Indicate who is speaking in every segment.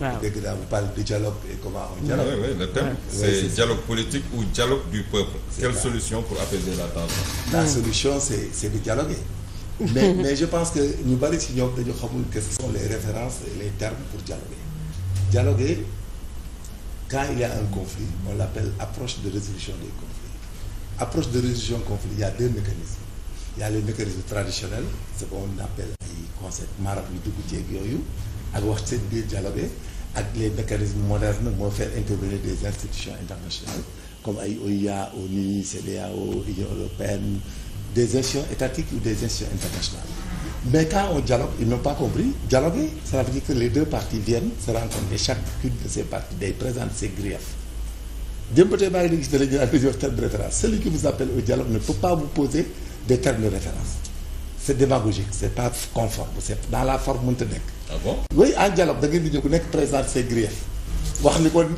Speaker 1: waaw dégg naa mu parle de dialogue solution pour apaiser la hmm. solution c'est c'est de dialoguer. mais mais je pense que ñu bari si ñoom dañu xamul que ce sont les références et les termes pour dialoguer. dialoguer quand il y a un conflit on l'appelle approche de résolution des conflits approche de résolution conflit il y a deux a les mécanismes traditionnels ce qu'on appelle ay concept marabout yu dugg jeeg yooyu. ak wax seen biir dialogue ak les mécanismes modernes moo faire intervenir des institutions internationales comme ay OIA ONU CEDEAO Union européenne des institutions étatiques ou des institutions internationales mais quand on dialogue ils n'ont pas compris dialoguer ça veut dire que les deux parties viennent se rencontrer chacune de ces parties day présente ses griefs jëm ba tey maa ngi gis ne la ñu naan celui qui vous appelle au dialogue c' est démagogique c' est pas conforme c' est dans la forme mënta nekk. ah bon oui en dialogue da nekk présenter ses griefs wax li ko li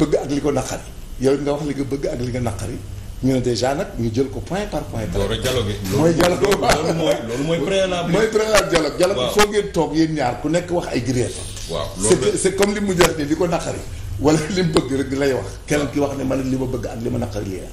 Speaker 1: bëgg ak li ko naqari yow nga wax li nga bëgg ak li ñu ne dèjà nag ñu jël ko point par point. door a bi mooy dialogue loolu mooy loolu mooy préalable. mooy préalable dialogue. waaw foo ngeen toog yéen ñaar ku nekk wax ay griefs. waaw loolu c' est comme li mu jox ni li ko naqari. wala li mu bëgg rek lay wax. kenn ki wax ne man li ma bëgg ak li ma naqari lii la.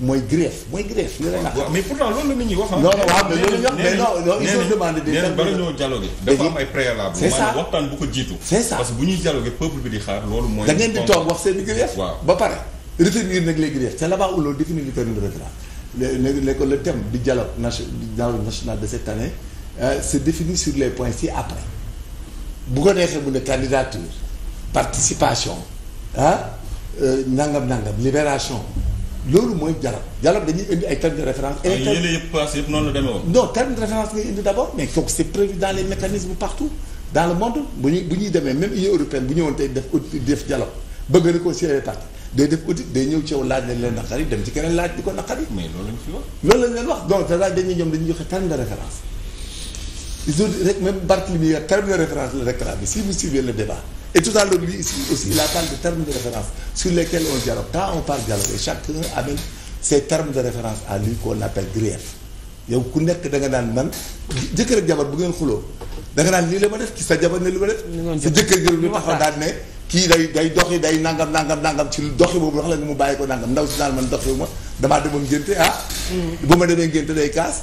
Speaker 1: mooy greffe mooy greffe li lay nax. mais pourtant la nit am ay préalable. c'est ça ko jiitu. bu ñuy dialogué peuple bi di xaar loolu mooy. da ngeen di toog wax seen i nag les greffes c'est là-bas où l'on définit le terme de référence. le le thème du dialogue national de cette année euh, se définit sur les points ci après bu ko neexee mu ne candidature participation ah euh, nangam nangam loolu mooy dialogue dialogue dañuy indi ay termes de référence. et ah, les termes yëpp paas yëpp noonu la demee woon. non terme de référence ngay indi d' abord mais kooku c' est prévu dans partout dans le monde bu ñuy demee même Union européenne bu ñëwoon def audit bëgg a réconcilier les parties day def audit day ñëw ci laaj lañ leen naqari dem ci keneen laaj di ko naqari. mais loolu lañ fi wax. loolu lañ leen wax donc daal dañuy ñoom dañuy joxe terme référence ils ont rek même Barthélemy Et tout à l'heure, lui, ici aussi, il a parlé de termes de référence sur lesquels on dialogue. Quand on de référence à lui qu'on appelle grief. yow ku nekk da nga naan man jëkkër ak jabar bu ngeen xuloo danga nga naan lii la ma def ki sa jabar ni li ma def sa jëkkër jël lu taxaw daan ne kii day day doxi day nangam nangam nangam ci doxi boobu wax la mu bàyyi ko nangam ndaw si naan man doxi ma damaa demoon ngénte ah mm. bu ma demee ngénte day kaas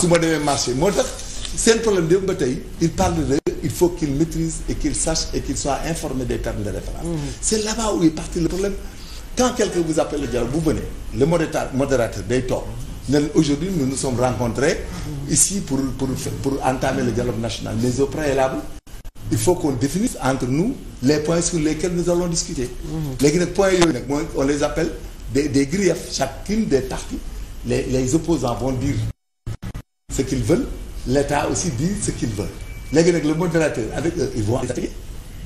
Speaker 1: su ma demee marché moo tax seen problème démb ba tey il parle de il faut qu'il maîtrise et qu'il sache et qu'il soit informé des termes de référence. Mmh. C'est là-bas où est parti le problème. Quand quelqu'un vous appelle le dialogue, vous venez, le modérateur, modérateur day toog nous nous sommes rencontrés mm-hmm. ici pour pour pour entamer le dialogue national mais au préalable il faut qu'on définisse entre nous les points sur lesquels nous allons discuter mm-hmm. léegi nag points yooyu nag mooy on les appelle des des griefs chacune des parties les les opposants vont dire ce qu'ils veulent l'État aussi dit ce qu'ils léegi nag le modérateur avec eux ils vont attaquer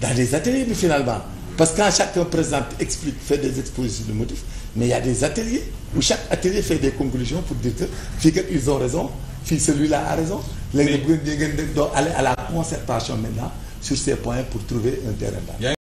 Speaker 1: dans des ateliers bi finalement parce que quand chacun présente explique fait des expositions de motifs mais il y a des ateliers où chaque atelier fait des conclusions pour dire que fii kat ils ont raison fii celui-là a raison léegi nag bu ngeen ngeen aller à la concertation maintenant sur ces points pour trouver un terrain